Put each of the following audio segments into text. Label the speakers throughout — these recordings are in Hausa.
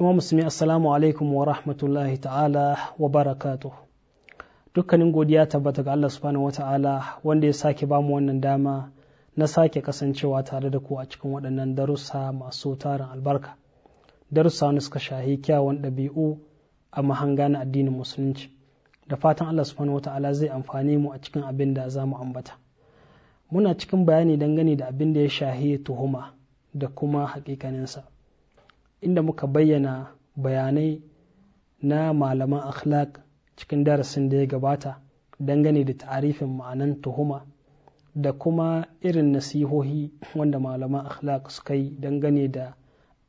Speaker 1: Imam musulmi assalamu alaikum wa rahmatullahi ta'ala wa barakatu dukkanin godiya tabbata ga Allah subhanahu wa ta'ala wanda ya sake bamu wannan dama na sake kasancewa tare da ku a cikin waɗannan darussa masu tarin albarka darussa wani suka shahi kyawun ɗabi'u a mahanga na addinin musulunci da fatan Allah subhanahu wa ta'ala zai amfani mu a cikin abin da za mu ambata muna cikin bayani dangane da abin da ya shahi tuhuma da kuma hakikaninsa inda muka bayyana bayanai na malaman akhlaq cikin darasin da ya gabata dangane da ta'arifin ma'anan tuhuma da kuma irin nasihohi wanda malaman akhlaq suka yi dangane da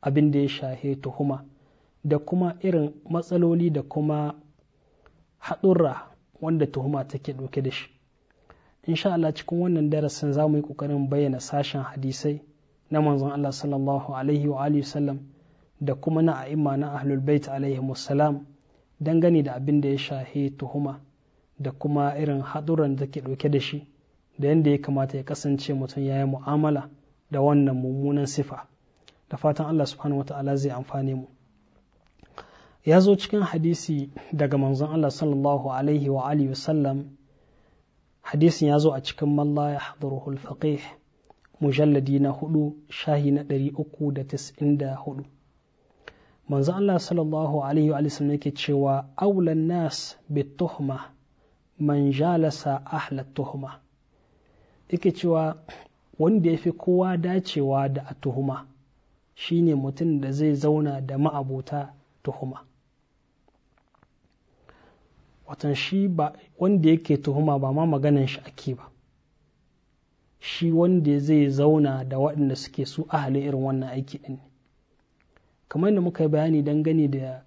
Speaker 1: abin da ya shahe tuhuma da kuma irin matsaloli da kuma haɗurra wanda tuhuma take ɗauke da shi insha Allah cikin wannan darasin za mu yi ƙoƙarin bayyana sashen hadisai na manzon Allah sallallahu alaihi wa alihi wasallam da kuma na a'imma na ahlul bait alaihimussalam dangane da abin da ya shahi tuhuma da kuma irin haɗuran da ke ɗauke da shi da yadda ya kamata ya kasance mutum ya yi mu'amala da wannan mummunan sifa da fatan Allah subhanahu wata'ala zai amfane mu ya zo cikin hadisi daga manzon Allah sallallahu alaihi wa alihi wasallam hadisin ya zo a cikin malla ya hadaruhul faqih mujalladi na hudu shahi na ɗari uku da tis'in da hudu manzo Allah sallallahu alaihi wa sallam yake cewa aulan nas tuhma man jalasa ahla tuhma yake cewa wanda yafi kowa dacewa da a tuhuma shine mutum da zai zauna da ma'abota tuhuma watan shi ba wanda yake tuhuma ba ma maganan shi ake ba shi wanda zai zauna da waɗanda suke su ahalin irin wannan aiki ɗin kamar da muka yi bayani gani da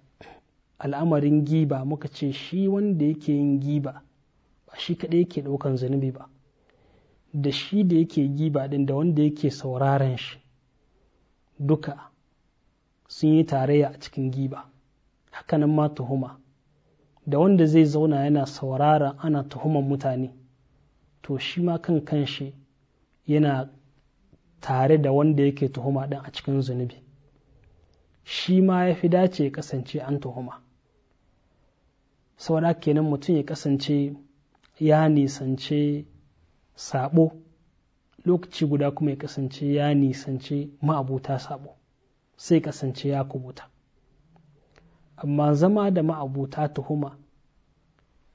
Speaker 1: al'amarin giba muka ce shi wanda yake yin giba ba shi kaɗai yake ɗaukan zunubi ba da shi da yake giba ɗin da wanda yake sauraron shi duka sun yi tarayya a cikin giba hakanan ma tuhuma da wanda zai zauna yana saurara ana tuhuman mutane to shi ma kan kanshi yana tare da wanda yake tuhuma ɗin a cikin zunubi shi ma ya fi dace ya kasance an tuhuma saboda kenan mutum ya kasance ya nisance sabo lokaci guda kuma ya kasance ya nisance ma'abuta sabo sai kasance ya kubuta amma zama da ma'abuta tuhuma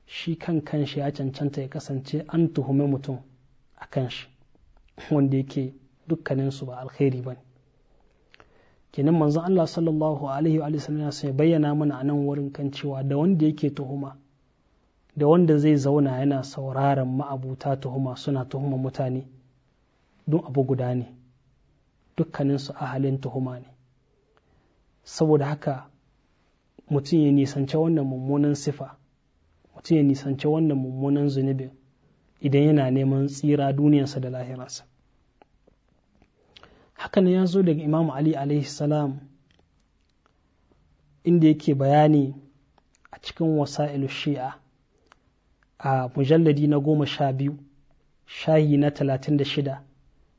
Speaker 1: shi kan kanshi ya cancanta ya kasance an tuhumi mutum a kanshi wanda yake dukkaninsu ba alkhairi ba ne kenan manzon Allah sallallahu alaihi wa sallam ya sai bayyana mana a nan wurin kan cewa da wanda yake tuhuma da wanda zai zauna yana sauraron ma'abuta tuhuma suna tuhuma mutane don abu guda ne dukkanin su ahalin tuhuma ne saboda haka mutum ya nisance wannan mummunan sifa mutum ya nisance wannan mummunan zunubin idan yana neman tsira duniyarsa da lahirarsa hakan ya zo daga imamu ali alaihi salam inda yake bayani a cikin wasa'ilu shi'a a mujalladi na goma sha biyu shayi na talatin da shida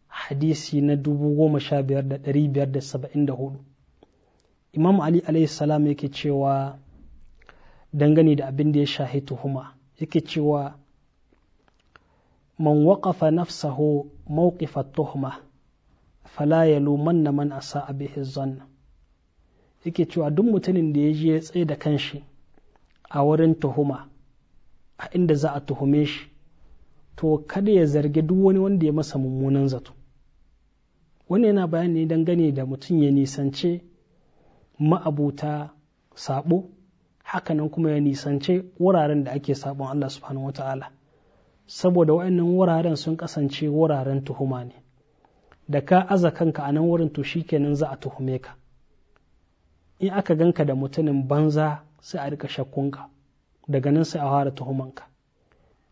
Speaker 1: hadisi na dubu goma sha biyar da ɗari biyar da saba'in da hudu imam ali alaihi salam yake cewa dangane da abin da ya shahi tuhuma yake cewa man waƙafa nafsahu mawqifa tuhma fala ya luman na man asa a bihi zanna yake cewa duk mutumin da ya je ya tsaye da kanshi a wurin tuhuma a inda za a tuhume shi to kada ya zargi duk wani wanda ya masa mummunan zato wani yana bayani gane da mutum ya nisance ma'abuta sabo hakanan kuma ya nisance wuraren da ake sabon Allah subhanahu wataala saboda waɗannan wuraren sun kasance wuraren tuhuma ne da ka aza kanka a nan wurin to shikenan za a tuhume ka in aka ganka da mutumin banza sai a rika shakkunka daga nan sai a fara tuhumanka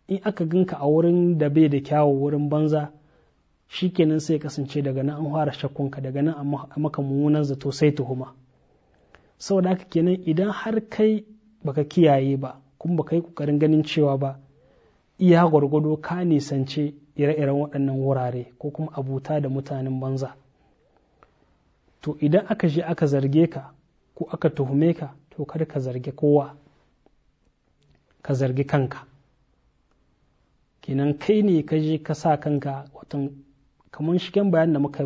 Speaker 1: in aka ganka a wurin da bai da kyawu wurin banza shikenan sai kasance daga nan an fara shakkunka daga nan a maka mummunan zato sai tuhuma saboda haka kenan idan har kai baka kiyaye ba kuma baka yi kokarin ganin cewa ba iya gwargwado ka nisance ire-iren waɗannan wurare ko kuma abuta da mutanen banza to idan aka je aka zarge ka ko aka tuhume ka to kar ka zargi kowa ka zargi kanka kenan kai ne ka je ka sa kanka watan kamar shigen bayan da muka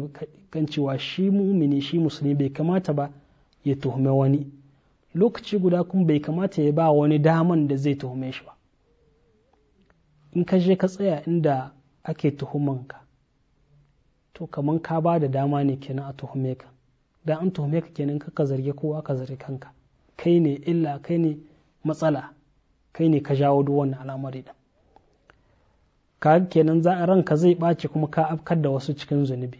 Speaker 1: kan cewa shi mumini shi musulmi bai kamata ba ya tuhume wani lokaci guda kuma bai kamata ya ba wani daman da zai tuhume shi ba in ka je ka tsaya inda ake tuhumanka to kamar ka ba da dama ne kenan a tuhume ka da an tuhume ka kenan ka zarge kowa ka zarge kanka kai ne illa kai ne matsala kai ne ka jawo duk wannan al'amari da ka kenan za ranka zai ɓace kuma ka afkar da wasu cikin zunubi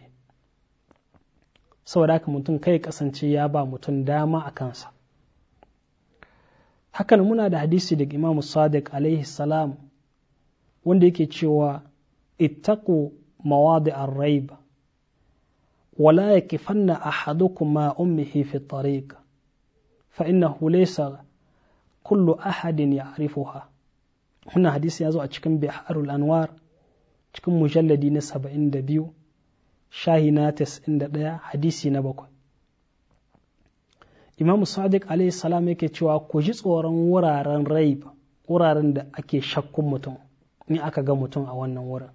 Speaker 1: saboda haka mutum kai kasance ya ba mutum dama a kansa hakan muna da hadisi daga imam sadiq alaihi salam wanda yake cewa ittaqu mawadi ar-rayb wala yakfanna ahadukum ma ummihi fi at-tariq fa innahu laysa kullu ahadin ya'rifuha huna hadisi yazo a cikin biharul anwar cikin mujalladi na 72 shahina 91 hadisi na bakwai. imamu sadiq alayhi salam yake cewa ku ji tsoron wuraren raib wuraren da ake shakkun mutum ni aka ga mutum a wannan wurin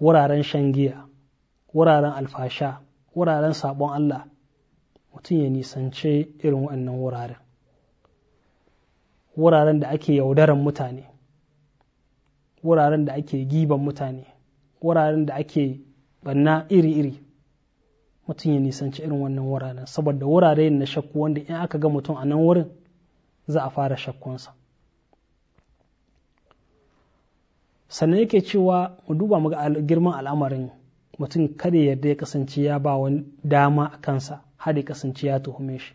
Speaker 1: wuraren shan giya wuraren alfasha wuraren sabon Allah mutum ya nisance irin waɗannan wuraren wuraren da ake yaudaran mutane wuraren da ake giban mutane wuraren da ake banna iri-iri mutum ya nisance irin wannan wuraren saboda wurare na shakku wanda in aka ga mutum a nan wurin za a fara shakkunsa sannan yake cewa mu duba mu ga girman al'amarin mutum kada yarda ya kasance ya ba wani dama a kansa har ya kasance ya tuhume shi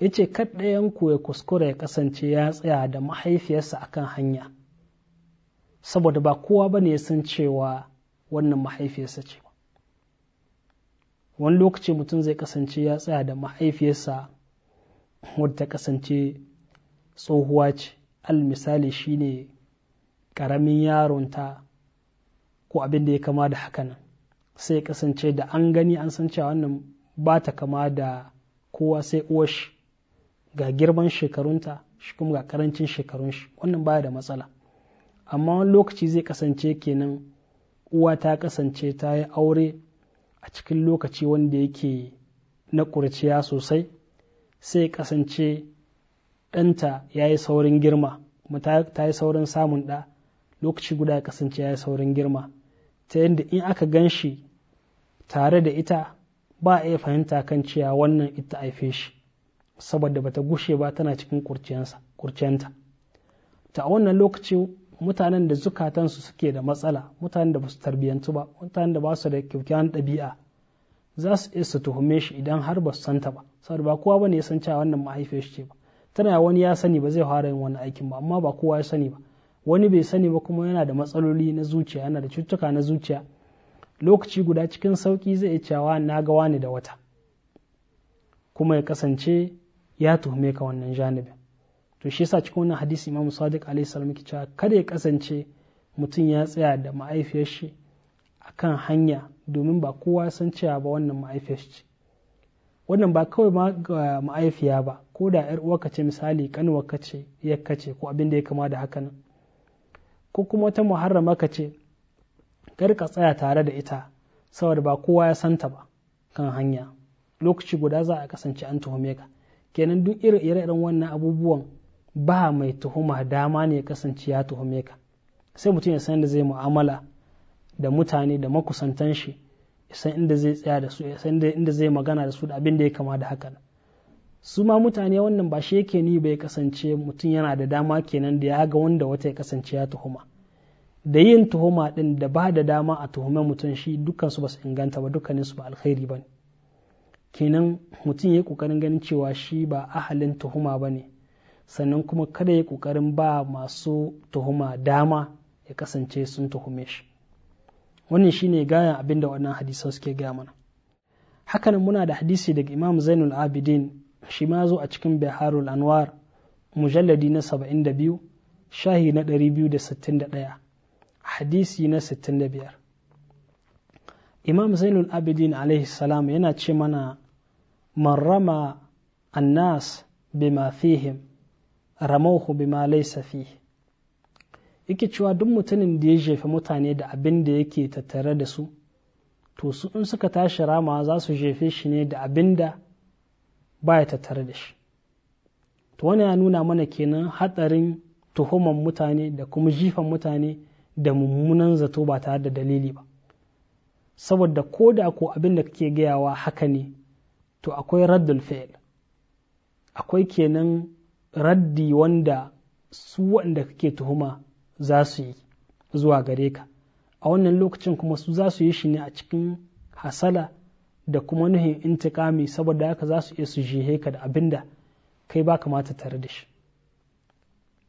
Speaker 1: ya ce kaɗayan ku ya kuskura ya kasance ya tsaya da mahaifiyarsa a kan hanya saboda ba kowa ba ne ya san cewa wannan mahaifiyarsa ce wani lokaci mutum zai kasance ya tsaya da mahaifiyarsa wadda ta kasance tsohuwa ce al misali shine ƙaramin yaronta ko abin da ya kama da haka nan sai kasance da an gani an san cewa wannan ba ta kama da kowa sai uwashi ga girman shekarunta shi kuma ga karancin shekarun shi wannan baya da matsala amma wani lokaci zai kasance kenan uwa ta kasance ta yi aure a cikin lokaci wanda yake na ƙurciya sosai sai kasance ɗanta ya yi saurin girma kuma ta yi saurin samun ɗa lokaci guda ya kasance ya yi saurin girma ta yadda in aka gan shi tare da ita ba a iya fahimta kan cewa wannan ita haife shi saboda bata gushe ba tana cikin kurciyanta ta a wannan lokaci mutanen da zukatansu suke da matsala mutanen da ba su tarbiyyantu ba mutanen da ba su da kyaukyawan ɗabi'a za su iya su tuhume shi idan har ba su santa ba saboda ba kowa ne ya san cewa wannan mahaifiyar shi ce ba tana wani ya sani ba zai fara yin wani aikin ba amma ba kowa ya sani ba wani bai sani ba kuma yana da matsaloli na zuciya yana da cututtuka na zuciya lokaci guda cikin sauki zai iya cewa na ga wani da wata kuma ya kasance ya tuhume ka wannan janibi to shi yasa cikin wannan hadisi imamu sadiq alaihi salam ke cewa kada ya kasance mutum ya tsaya da ma'aifiyar shi akan hanya domin ba kowa san cewa ba wannan ma'aifiyar shi wannan ba kawai ma ga ma'aifiya ba ko da yar uwarka ce misali kanuwarka ce yakka ce ko abin da ya kama da haka nan ko kuma ta muharrama ka ce kar ka tsaya tare da ita saboda ba kowa ya santa ba kan hanya lokaci guda za a kasance an tuhume ka kenan duk ire-iren wannan abubuwan ba mai tuhuma dama ne ya kasance ya tuhume ka sai mutum ya san inda zai mu'amala da mutane da makusantan shi ya san inda zai tsaya da su ya san inda zai magana da su da abin da ya kama da hakan su ma mutane wannan ba shi yake ni bai kasance mutum yana da dama kenan da ya ga wanda wata ya kasance ya tuhuma da yin tuhuma din da ba da dama a tuhume mutum shi dukkan su ba su inganta ba dukkanin su ba alkhairi ba ne kenan mutum ya yi kokarin ganin cewa shi ba ahalin tuhuma ba ne sannan kuma kada ya yi kokarin ba masu tuhuma dama ya kasance sun tuhume shi wannan shine gayan abin da wannan hadisan suke gaya mana hakanan muna da hadisi daga imam zainul abidin shi ma zo a cikin biharul anwar mujalladi na 72 shahi na 261 hadisi na 65 imam zainul abidin alaihi salam yana ce mana man rama annas bima fihim ramauhu bima laysa fihi yake cewa duk mutumin da ya jefe mutane da abin da yake tattare da su to su in suka tashi rama za su jefe shi ne da abin da ba ya tattare da shi to wani ya nuna mana kenan hatsarin tuhuman mutane da kuma jifan mutane da mummunan zato ba tare da dalili ba saboda ko da ko abin da kake gayawa haka ne to akwai raddul fi'il akwai kenan raddi wanda su wanda kake tuhuma za su yi zuwa gare ka a wannan lokacin kuma su za su yi shi ne a cikin hasala da kuma nuhin intikami saboda haka za su iya su jihe ka da abin da kai ba kamata tare da shi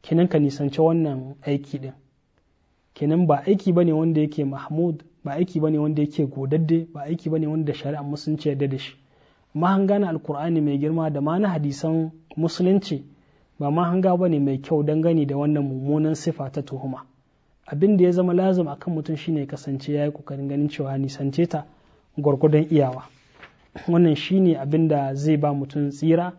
Speaker 1: kinan ka nisanci wannan aiki din kinan ba aiki bane wanda yake mahmud ba aiki bane wanda yake godadde ba aiki bane wanda shari'a musulunci ya da shi mahanga na alkur'ani mai girma da ma na hadisan musulunci ba mahanga ne mai kyau don gani da wannan mummunan sifa ta tuhuma abin da ya zama lazim akan mutum shine kasance ya yi kokarin ganin cewa nisance ta gwargwadon iyawa wannan shine abin da zai ba mutum tsira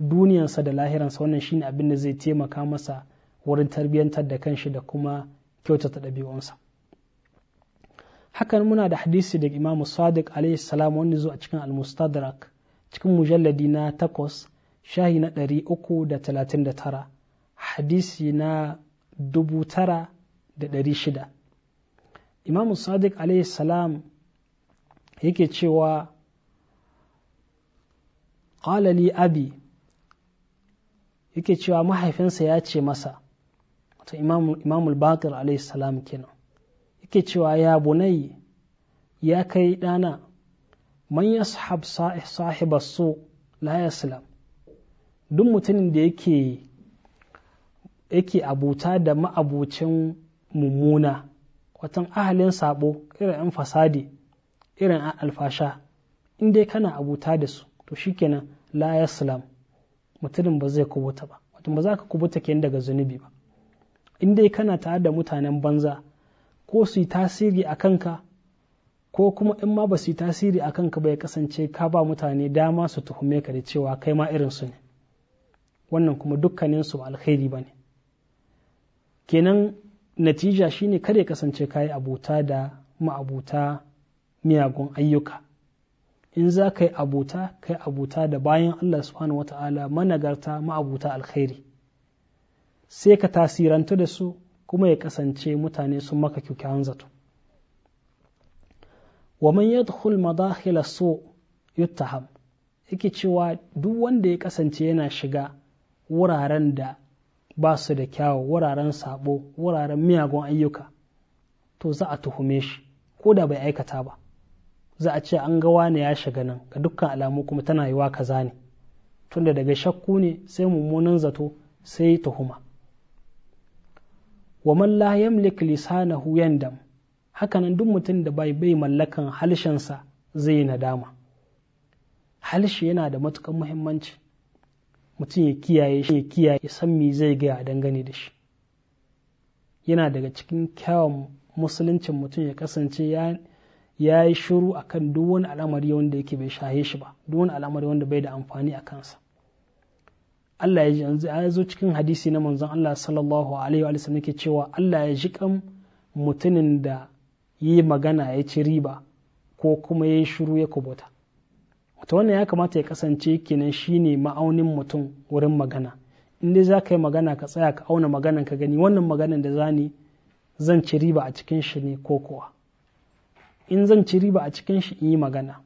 Speaker 1: duniyarsa da lahiransa wannan shine abin da zai taimaka masa wurin tarbiyyantar da kanshi da kuma kyautata ɗabi'unsa hakan muna da hadisi daga imam sadiq alaihi salam wanda zo a cikin almustadrak cikin mujalladi na takwas shahi na ɗari uku da talatin da tara hadisi na dubu tara da ɗari shida imam sadiq alaihi salam yake cewa ƙalali abi yake cewa mahaifinsa ya ce masa imamul bakir alaihissalam kenan yake cewa ya bunai ya kai ɗana man ya sahibar so la yaslam duk mutumin da yake yake abuta da ma'abucin mummuna watan ahalin sabo irin fasadi irin a alfasha in dai kana abuta da su to shikenan la yaslam mutumin ba zai kubuta ba wato ba za ka kubuta kenan daga zunubi ba in dai kana tare da mutanen banza ko su yi tasiri a kanka ko kuma in ma ba su yi tasiri a kanka ba ya kasance ka ba mutane dama su tuhume ka da cewa kai ma irin su ne wannan kuma dukkanin su alkhairi ba ne kenan natija shine kada ya kasance kayi abuta da ma'abuta miyagun ayyuka in za ka yi abuta ka yi abuta da bayan Allah subhanahu wata'ala managarta ma'abuta alkhairi sai ka tasiranta da su kuma ya kasance mutane sun maka kyukyawan zato wa man yadkhul madakhil su yuttaham yake cewa duk wanda ya kasance yana shiga wuraren da ba su da kyawu wuraren sabo wuraren miyagun ayyuka to za a tuhume shi ko da bai aikata ba za a ce an ga wane ya shiga nan ga dukkan alamu kuma tana yiwa kaza ne tunda daga shakku ne sai mummunan zato sai tuhuma wa man la yamlik lisanahu yandam nan, duk mutum da bai bai mallakan halshensa zai nadama halshe yana da matukar muhimmanci mutum ya kiyaye shi ya kiyaye ya san me zai gaya dangane da shi yana daga cikin kyawun musuluncin mutum ya kasance ya ya yi shiru akan duk wani al'amari wanda yake bai shahe shi ba duk al'amari wanda bai da amfani a kansa Allah ya ji yanzu ya zo cikin hadisi na manzon Allah sallallahu alaihi wa sallam yake cewa Allah ya ji kan mutumin da yi magana ya ci riba ko kuma ya yi shiru ya kubuta to wannan ya kamata ya kasance kenan shine ma'aunin mutum wurin magana in dai za ka yi magana ka tsaya ka auna maganan ka gani wannan maganan da zani zan ci riba a cikin shi ne ko kuwa in zan ci riba a cikin shi in yi magana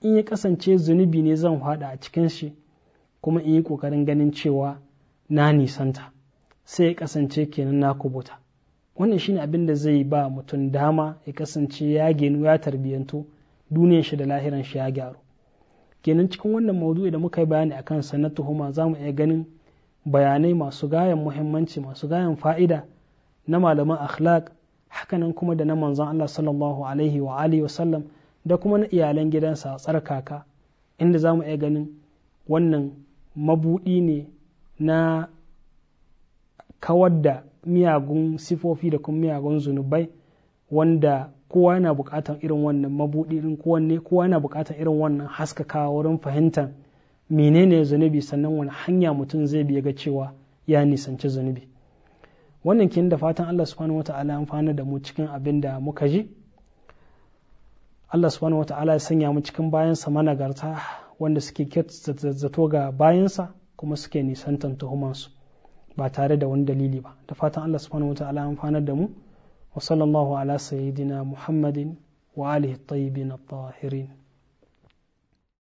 Speaker 1: in ya kasance zunubi ne zan hada a cikin shi kuma in yi ƙoƙarin ganin cewa na nisanta sai ya kasance kenan na kubuta wannan shine abin da zai ba mutum dama ya kasance ya genu ya tarbiyyantu duniyar shi da lahiran shi ya gyaru kenan cikin wannan maudu'i da muka yi bayani a kansa na tuhuma za mu iya ganin bayanai masu gayan muhimmanci masu gayan fa'ida na malaman akhlaq hakanan kuma da na manzon Allah sallallahu alaihi wa alihi wa sallam da kuma na iyalan gidansa tsarkaka inda zamu iya ganin wannan mabuɗi ne na kawar da miyagun sifofi da kuma miyagun zunubai wanda kowa yana buƙatar irin wannan mabuɗi kowa ne kowa yana buƙatar irin wannan haskakawa wurin fahimtar menene zunubi sannan wani hanya mutum zai biya ga cewa ya nisanci zunubi wannan kin da fatan Allah subhanahu wata'ala ya amfana da mu cikin abin da muka ji Allah subhanahu wata'ala ya sanya mu cikin bayansa managarta wanda suke zato ga bayansa kuma suke nisantan tuhumansu ba tare da wani dalili ba da fatan Allah subhanahu wata'ala ya amfana da mu wa sallallahu ala sayyidina muhammadin wa alihi tayyibin at-tahirin